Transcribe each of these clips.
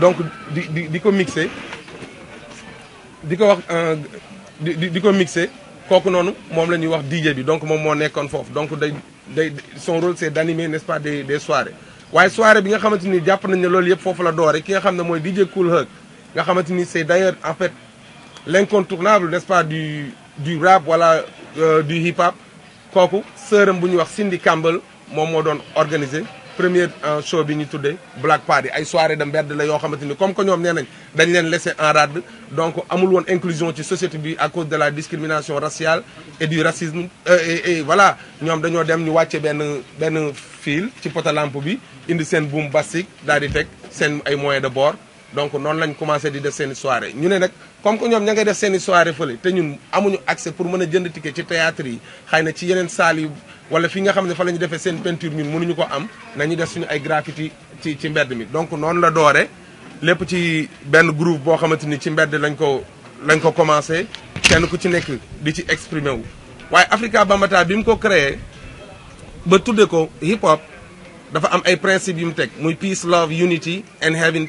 donc di di mixé wax euh, mixé DJ donc donc son rôle c'est d'animer n'est-ce pas des des soirées waaye soirée bi nga xamanteni japp nañ ne loolu yëpp la doore ki nga DJ Cool Herc nga c'est d'ailleurs en fait l'incontournable n'est-ce pas du du rap euh, du hip hop kooku sœuram bu wax Cindy Campbell mom mo doon organiser premier euh, show bi ñu Black Party ay soirée de mbedd la yo comme que ñom nénañ dañ leen en rade donc amul won inclusion ci société à cause de la discrimination raciale et du racisme euh, et voilà ñom dañoo dem ñu fil ci potalamp bi indi sen boom basique daal di tek sen ay moyens de bord donc noonu lañ commencé di def seen soirée ñu ne nag comme que ñoom ña ngay def seen i soirée fële te ñun amuñu accès pour mën a jënd ticket ci théâtre yi xëy na ci yeneen salle yi wala fi nga xam ne fa lañu defee seen peinture ñun ñu ko am nañu def suñu ay graffiti ci ci mbedd mi donc noonu la doore lépp ci benn groupe boo xamante ni ci mbedd lañ ko lañ ko commencé kenn ku ci nekk di ci exprimer wu waaye Africa Bambaataa bi mu ko créé ba tuddee ko hip hop dafa am ay principe yu mu teg muy peace love unity and having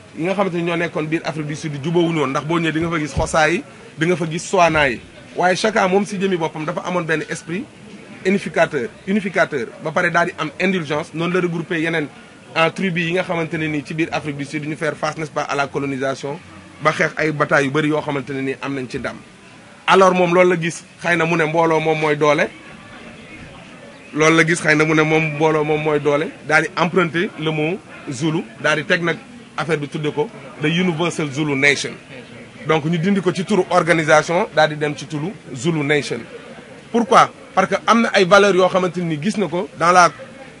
ñi nga xamante ni ñoo nekkoon biir Afrique du Sud jubóowuñu woon ndax boo ñëwee di nga fa gis xosaa yi di nga fa gis soana yi waaye chacun moom si jëmi boppam dafa amoon benn esprit unificateur unificateur ba paré dal di am indulgence non la regrouper yenen en ah, tribu yi nga xamanteni ni ci biir Afrique du Sud ñu faire face n'est-ce pas à la colonisation ba xex ay batailles yu bari yo xamanteni ni am nañ ci ndam alors mom loolu la gis xëy mu ne mbolo mom moy doole loolu la gis xëy mu ne mom mbooloo mom moy doole dal di emprunter le mot Zulu dal di tek nak affaire bi tudde ko the Universal Zulu Nation donc ñu dindi ko ci tour organisation dal di dem ci tulu Zulu Nation pourquoi parce que amna na ay valeurs yo xamanteni ni gis nako dans la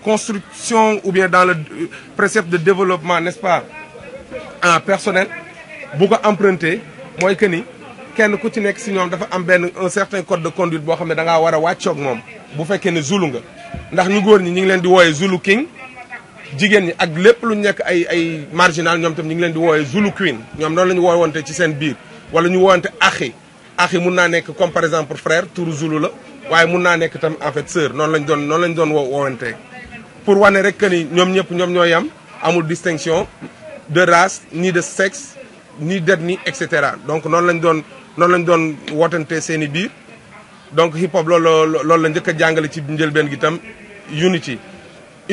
construction ou bien dans le euh, précepte de développement n'est-ce pas en personnel bu ko emprunté moy que ni kenn ku ci nek si ñom dafa am ben un certain code de conduite bo xamné da nga wara waccok mom bu fekké ne Zulu nga ndax ñu goor ñi ñi ngi leen di woyé Zulu King jigéen ñi ak lépp lu nekk ay ay marginal ñoom tam ñu ngi leen di woowee Zulu Queen ñoom noon la ñu woowante ci seen biir wala ñu woowante axi axi mun naa nekk comme par exemple frère turu Zulu la waaye mun naa nekk tam en fait noon noonu lañ doon noonu lañ doon woowante pour wane rek que ñoom ñëpp ñoom ñooy am amul distinction de race ni de sexe ni d'ethnie et cetera donc noonu lañ doon noonu lañ doon wootante seen biir donc hip hop loolu loolu la njëkk a jàngale ci njëlbeen gi tam unity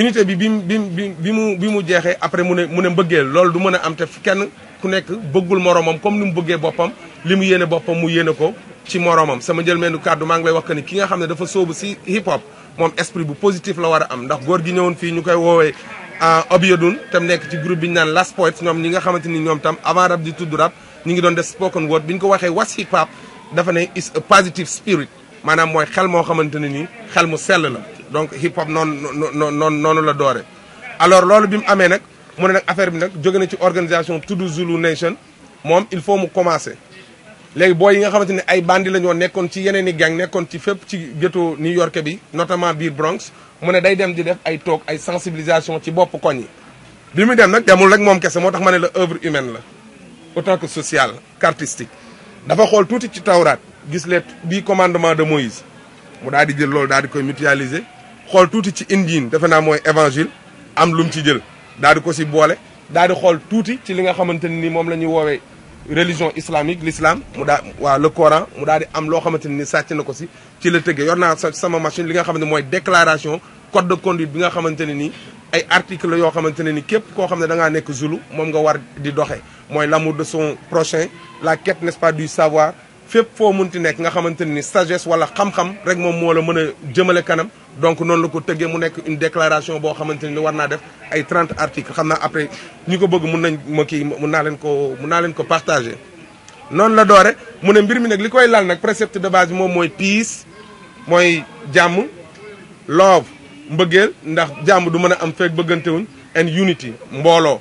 unité bi bi bi bi mu bi mu jeexee après mu ne mu ne mbëggeel loolu du mën a am te kenn ku nekk bëggul moromam comme ni mu bëggee boppam li mu yéene boppam mu yéene ko ci moromam sama jël njëlbéenu kàddu maa ngi lay wax que ni ki nga xam ne dafa sóobu si hip hop moom esprit bu positif la war a am ndax góor gi ñëwoon fii ñu koy woowee euh, Obiodun tam nekk ci groupe bi ñu naan Last Poets ñoom ñi nga xamante ni ñoom tam avant rap di tudd ngi doon def spoken word bi ñu ko waxee was hip hop dafa ne is a positive spirit maanaam mooy xel moo xamante ne ni xel mu sell la. donc hip hop non non non la doré alors loolu bi amé nak nag nak affaire bi nak jogé na ci organisation Tudu Zulu Nation mom il faut mu commencer légui boy yi nga xamante ay bandi la ñoo nekkoon ci yeneen gang nekkoon ci fep ci ghetto New York bi notamment bir Bronx mu ne day dem di def ay toog ay sensibilisation ci bop koñ yi bi muy dem nak demul rek mom kese motax mané la œuvre humaine la autant que sociale qu'artistique dafa xol touti ci tawraat gis les dix commandement de Moïse mu daal di jël loolu daal di koy mutualiser xool touti ci indine defe naa évangile am lu ci djel dal di ko ci bolé dal di xool ci li nga xamante ni moom la ñuy religion islamique l'islam mu le Coran mu daal di am lo xamante ni sàcc na ko si ci la tëggee yor naa sama machine li nga xam moy déclaration code de conduite bi nga xamante ni, ay article yo xamante ni képp ko xamné da nga nek Zulu mom nga war di doxé moy l'amour de son prochain la quête n'est-ce pas du savoir fépp foo mun munti nekk nga xamante ni sagesse wala xam-xam rek moom moo la mën a jëmale kanam donc noonu la ko tëggee mu nekk une déclaration boo xamante ni war naa def ay trente articles xam naa après ñi ko bëgg mun nañ ma kii mun naa leen ko mun naa ko partagé. noonu la doore mu ne mbir mi nag li koy laal nag précepte de base moom mooy peace mooy jàmm love mbëggeel ndax jàmm du mën a am fekk bëggantewuñ and unity mbooloo.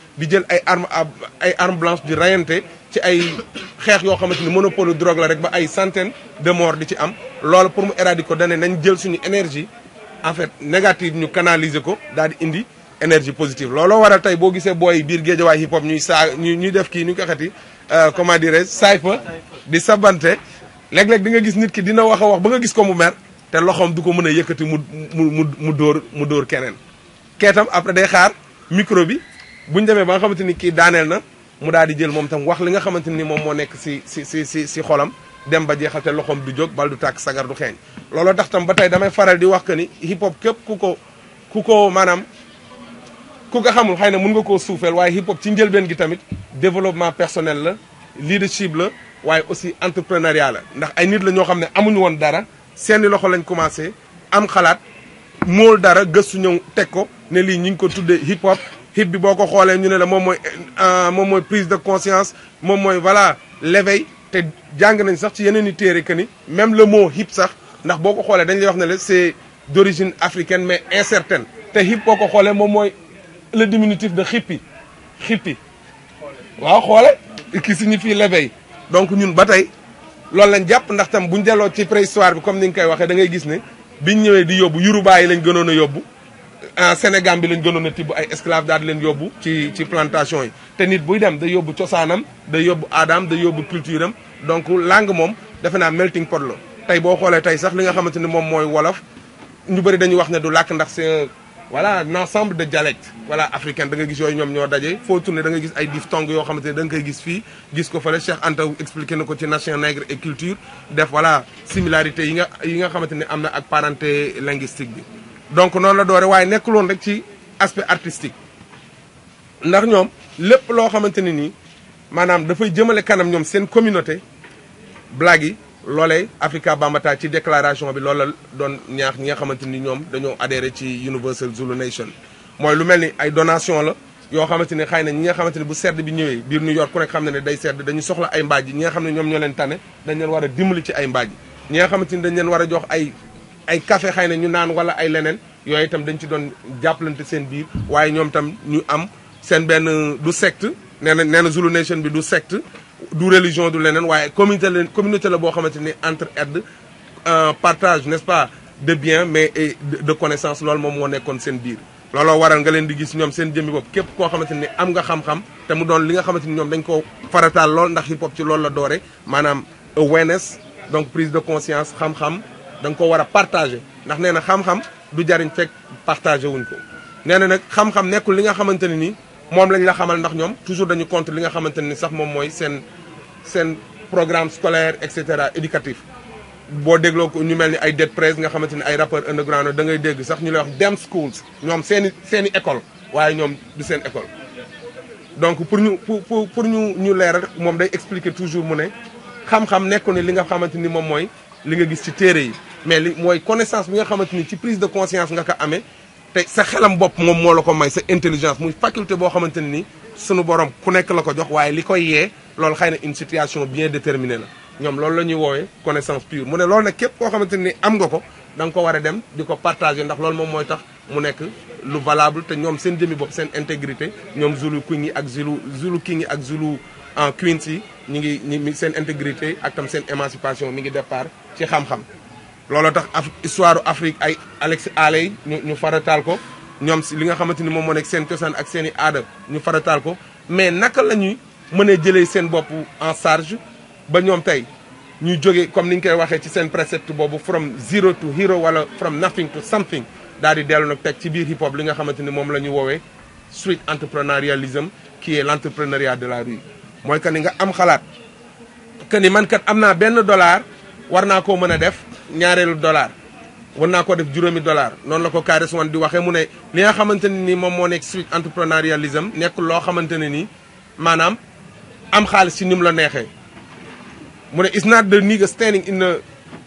di jël ay arme ay arme di rayante ci ay xeex yoo xamante ni monopole drogue la rek ba ay centaine de morts di ci am lool pour mu éradiquer ko dane nañ jël suñu énergie en fait négative ñu canaliser ko daal di indi énergie positive looloo waral tey boo gisee booy biir géejawaay hip hop ñuy saa ñu ñuy def kii ñu ko xati euh, comment dirais sayfa di sabante léeg-léeg di nga gis nit ki dina wax a wax ba nga gis ko mu mer te loxoom du ko mën a yëkkati mu mu mu dóor mu dóor keneen keetam après day xaar micro bi buñ démé ba nga xamanteni ki kii na mu daal di jël mom tam wax li nga xamanteni ni mo nek si si si si si xolam dem ba jeexal te du jog bal du tak sagar du xéñ lolo tax tam batay damay faral di wax ni hip hop kuko kuko manam ku ko xamul xayna mën nga ko soufel waye hip hop ci ben gi tamit développement personnel la leadership la waye aussi entrepreneuriat la ndax ay nit la ño xamné amuñu won dara seen loxo lañ commencé am xalaat mool dara gëstu ñew teg ko ne li ñing ko tuddé hip hop hip bi boko ko ñu né la moom mooy euh, mom moy prise de conscience mom moy voilà l'éveil té jang nañ sax ci yeneeni téré que ni même le mot hip sax ndax boko xolé dañ lay wax ne c'est d'origine africaine mais incertaine té hip boko xolé mom moy le diminutif de hippie hippie wa xolé qui signifie l'éveil donc ñun batay loolu lañ japp ndax tam buñ délo ci préhistoire bi comme ni nga koy waxé da ngay gis né biñ ñëwé di yóbbu yoruba yi lañ gënoon a Sénégal bi lañ gënoon a tibb ay esclave daal leen yóbbu ci ci plantation yi te nit buy dem day yóbbu cosaanam day yóbbu aadaam day yóbbu culture am donc langue moom defe naa melting pot la tey boo xoolee tey sax li nga xamante ni moom mooy wolof ñu bëri dañuy wax ne du làkk ndax c'est wala un ensemble de dialectes voilà africain da gis yooyu ñoom ñoo daje foo tourné da nga gis ay diphtongues yoo xamante ni da nga koy gis fii gis ko fële Cheikh Anta expliqué na ko ci nation nègre et culture def voilà similarité yi nga yi nga xamante ne am na ak parenté linguistique bi donc noonu la doore waaye nekkuloon rek ci aspect artistique ndax ñoom lépp loo xamante ne nii maanaam dafay jëmale kanam ñoom seen communauté blague yi loolee Africa Bambaataa ci déclaration bi loolu la doon ñaax ñi nga ni ñoom dañoo adhéré ci Universal Zulu Nation. mooy lu mel ni ay donation la yoo xamante ni xëy na ñi nga xamante ni bu sedd bi ñëwee biir New York ku xam ne ne day sedd dañu soxla ay mbaaj yi ñi nga xam ne ñoom ñoo leen tane dañ leen war a dimbali ci ay mbaaj nga xamante ni dañ leen war a jox ay. ay café xëy na ñu naan wala ay leneen yooyu itam dañ ci doon jàppalante seen biir waaye ñoom tam ñu am seen benn du secte nee na nee na Zulu Nation bi du secte du religion du leneen waaye communauté la communauté la boo xamante ni entre aide euh, partage n'est-ce pas de bien mais de connaissance lool moom moo nekkoon seen biir looloo waral nga leen di gis ñoom seen jëmmi bopp képp koo xamante ni am nga xam-xam te mu doon li nga xamante ni ñoom dañ koo farataal lool ndax hip hop ci loolu la doore maanaam awareness donc prise de conscience xam dang ko wara partager partagé ndax nee xam-xam du jariñ fek partager wuñ ko nee nak xam-xam nekul li nga xamanteni ni lañ la xamal ndax ñom toujours dañu contre li nga xamanteni ni sax mom moy sen sen programme scolaire et cetera éducatif bo dégloo ko ñu melni ay Dead Press nga xamanteni ni ay rappeurs underground da ngay dégg sax ñu lay wax dem schools ñom sen sen école waye ñom du sen école donc pour ñu pour pour ñu ñu leral mom day expliquer toujours mu ne xam-xam nekkul ne li nga xamanteni mom moy li nga gis ci téré yi mais li mooy connaissance bi nga xamante ni ci prise de conscience nga ko amé té sa xélam bop mom mo la ko may sa intelligence muy faculté bo xamanteni ni sunu borom ku nekk la ko jox waye likoy yé lool xayna une situation bien déterminée la ñom lool la ñuy connaissance pure mu ne loolu nag képp ko xamanteni ni am nga ko da nga ko wara dem partager ndax lool mom moy tax mu nekk lu valable té ñom seen demi bop seen intégrité ñom Zulu King ak Zulu Zulu King ak Zulu ah, en yi ñi ngi seen intégrité ak tam seen émancipation mi ngi départ ci xam-xam lolo tax histoire Afrique ay Alex Haley ñu ñu farataal ko ñom si li nga xamanteni ni mo nek sen tosan ak seni ada ñu faratal ko mais naka lañuy mëne jëlé sen bop en charge ba ñom tay ñu joggé comme niñ koy waxé ci sen précepte bobu from zero to hero wala from nothing to something daal di dellu nag teg ci biir hip hop li nga xamanteni mom lañu wowe street entrepreneurialism qui est l'entrepreneuriat de la rue moy kan nga am xalaat kan ni man kat amna ben dollar warna ko mëna def. ñaareelu dollar war naa ko def juróomi dollar noonu la ko Kaaris Wan di waxee mu ne li nga xamante ne nii moom moo nekk street entrepreneurialism nekk loo xamante ne nii maanaam am xaalis ci nimu la neexee mu ne it's not the nigga standing in a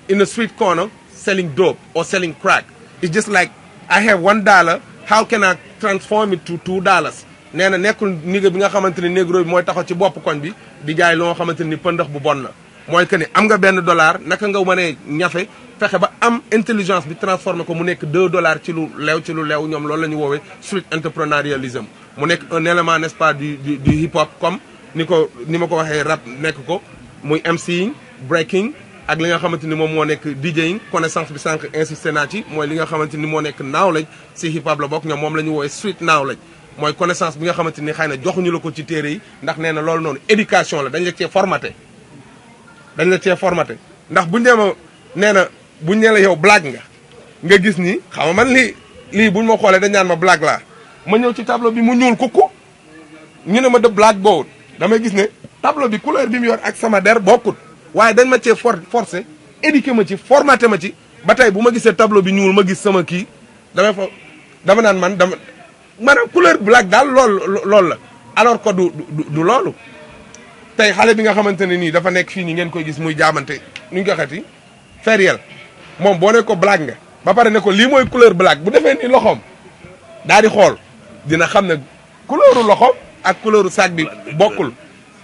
in a street corner selling dope or selling crack it's just like I have one dollar how can I transform it to two dollars nee na nekkul nigga bi nga xamante ne négro bi mooy taxaw ci bopp koñ bi di jaay loo xamante ni pëndax bu bon la mooy que ni am nga benn dollar naka nga mënee ñafe fexe ba am intelligence bi transformé ko mu nekk deux dollars ci lu leew ci lu leew ñoom loolu la ñu woowee street entrepreneurialism mu nekk un élément n'est-ce pas du comme ni ko ni ma ko waxee rap nekk ko muy MCing breaking ak li nga xamante ni moom moo nekk DJing connaissance bi sànq insisté naa ci mooy li nga xamante ni moo nekk knowledge si hip la bokk ñoom moom la ñu woowee street knowledge mooy connaissance bi nga xamante ni xëy na joxuñu la ko ci téere yi ndax nee na loolu noonu éducation la dañ la cee formaté dañ la cee formaté ndax buñ déma néna na buñ nee yow blague nga nga gis ni xam man li li buñ ma xolé dañ naan ma blague la ma ñew ci tableau bi mu ñuul kuku ñu ne ma de blague bowut damay gis ne tableau bi couleur bi mu yor ak sama der bokut, waye dañ ma cee for forcé ma ci formaté ma ci batay buma bu tableau bi ñuul ma gis sama ki, damay fa dama nan man dama man couleur blague dal lol, lol la alors que du du lolou tey xale bi nga xamante ne nii dafa nekk fii nii ngeen koy gis muy jaamante nu ñu ko xati feriel moom boo ne ko black nga ba pare ne ko lii mooy couleur black bu defee ni loxoom daal di xool dina xam ne couleuru loxoom ak couleuru sac bi bokkul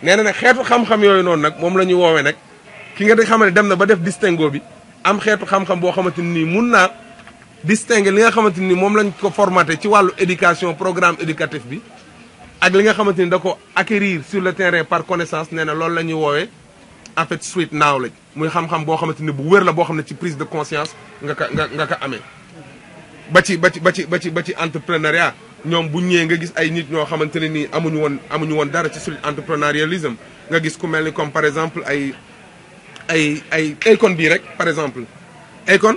nee na nag xeetu xam-xam yooyu noonu nag moom la ñu woowee nag ki nga di xam ne dem na ba def distingo bi am xeetu xam-xam boo xamante ni mun naa distinguer li nga xamante ni moom lañ ko formaté ci wàllu éducation programme éducatif bi ak li nga xamanteni da ko acquérir sur le terrain par connaissance nee na loolu la ñuy woowee en fait street knowledge muy xam-xam boo xamanteni bu wér la boo xam ne ci prise de conscience nga ka nga nga ko amee. ba ci ba ci ba ci ba ci ba ci entrepreneuriat ñoom bu ñëwee nga gis ay nit ñoo xamanteni ni amuñu woon amuñu woon dara ci street entrepreneurialisme nga gis ku mel ni comme par exemple ay ay ay Akon bii rek par exemple Akon.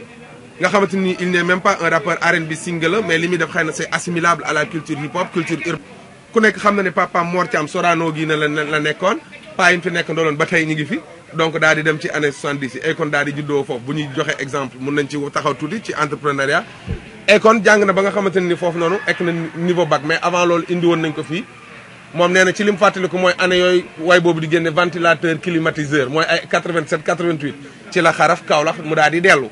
nga xamante ni il n'est même pas un rappeur R&B single mais li muy def xëy na c'est assimilable à la culture hip hop culture urbaine ku nekk xam na ne papaam Mor Thiam Sorano gii na la la nekkoon paa yi fi ba tey ñu ngi fi donc daal di dem ci année 70 Akon daal di juddoo foofu bu ñuy joxe exemple mun nañ ci taxaw tuuti ci entrepreneuriat. Akon jàng na ba nga xamante ne ni foofu noonu ek na niveau bac mais avant loolu indi woon nañ ko fii moom nee na ci li mu mooy année yooyu way boobu di génne ventilateur climatiseur mooy ay 87 88 ci la xaraf Kaolack mu daal di dellu.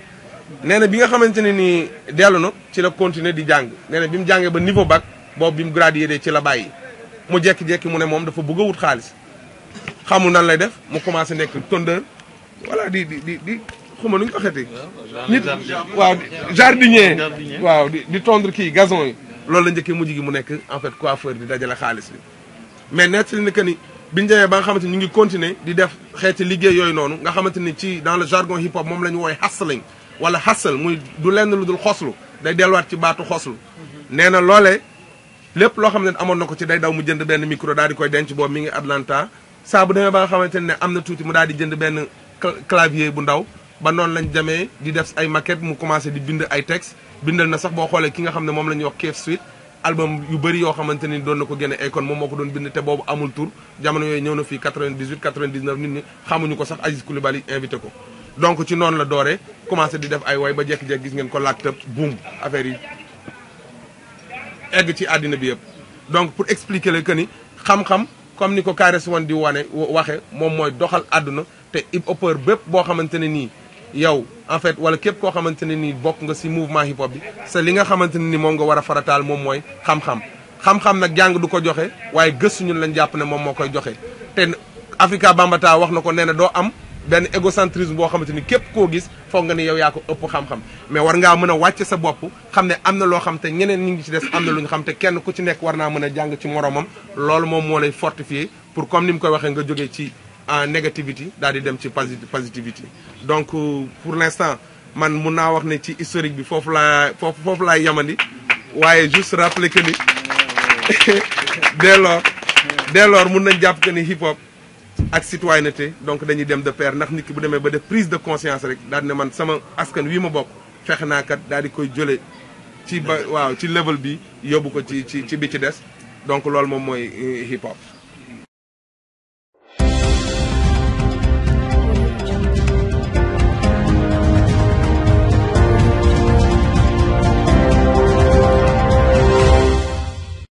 nee na bi nga xamante ne nii dellu na ci la continuer di jàng nee na bi mu jàngee ba niveau bac. boobu bi mu gradué ci la bàyyi mu jekki-jekki mu ne moom dafa bëgg wut xaalis xamul nan lay def mu commencé nekk tondeur voilà di di di di xuma nu ñu ko xetee nit waaw jardinier waaw di di tondre kii gason yi loolu la njëkkee mujj gi mu nekk en fait coiffeur di dajale xaalis bi mais nett li que ni biñu demee ba nga xamante ni ñu ngi continuer di def xeeti liggéey yooyu noonu nga xamante ni ci dans le jargon hip hop moom la ñu wooy hustling wala hustle muy du lenn lu dul xoslu day delluwaat ci baatu xoslu nee na loolee lépp loo xam ne amoon na ko ci day daw mu jënd benn micro daal di koy denc boobu mi ngi Atlanta saa bu demee ba nga xamante ne am na tuuti mu daal di jënd benn clavier bu ndaw ba noonu lañ demee di def ay maquette mu commencé di bind ay texte bindal na sax boo xoolee ki nga xam ne moom la ñuy wax Cave Suite album yu bëri yoo xamante ni doon na ko génne Akon moom moo ko doon bind te boobu amul tur jamono yooyu ñëw na fii 98 99 nit ñi xamuñu ko sax Aziz noonu la dooree commencé di def ay way ba jekki-jekki gis ngeen ko laak tëb boum affaire yi egg ci àddina bi yëpp donc pour expliquer la que ni xam-xam comme ni ko Kaares wan di wane waxe moom mooy doxal àdduna te hip hopeur bépp boo xamante ne nii yow en fait wala képp koo xamante ne nii bokk nga si mouvement hip hop bi sa li nga xamante ne ni moom nga war a farataal moom mooy xam-xam xam-xam nag jàng du ko joxe waaye gëstu ñun lañ jàpp ne moom moo koy joxe te Africa Bambata wax na ko nee na doo am benn égocentrisme boo xamante ni képp koo gis foog nga ni yow yaa ko ëpp xam-xam mais war ngaa mën a wàcc sa bopp xam ne am na loo xam te ñeneen ñi ngi ci des am na lu ñu xam te kenn ku ci nekk war naa mën a jàng ci moroomam loolu moom moo lay fortifier pour comme ni mu koy waxee nga jógee ci euh, négativité daal di dem ci positivité donc euh, pour l'instant man mun naa wax ne ci historique bi foofu laa foofu foofu laay yamandi waaye juste rappeler que ni dès lors mun nañ jàpp que ni hip ak citoyenneté donc dañuy dem de pair ndax nit bu demee ba def prise de conscience rek daal ne man sama askan wi ma bokk fexe naa kat daal di koy jëlee ci ba waaw ci level bi yóbbu ko ci ci ci bi ci des donc loolu moom mooy euh, hip hop.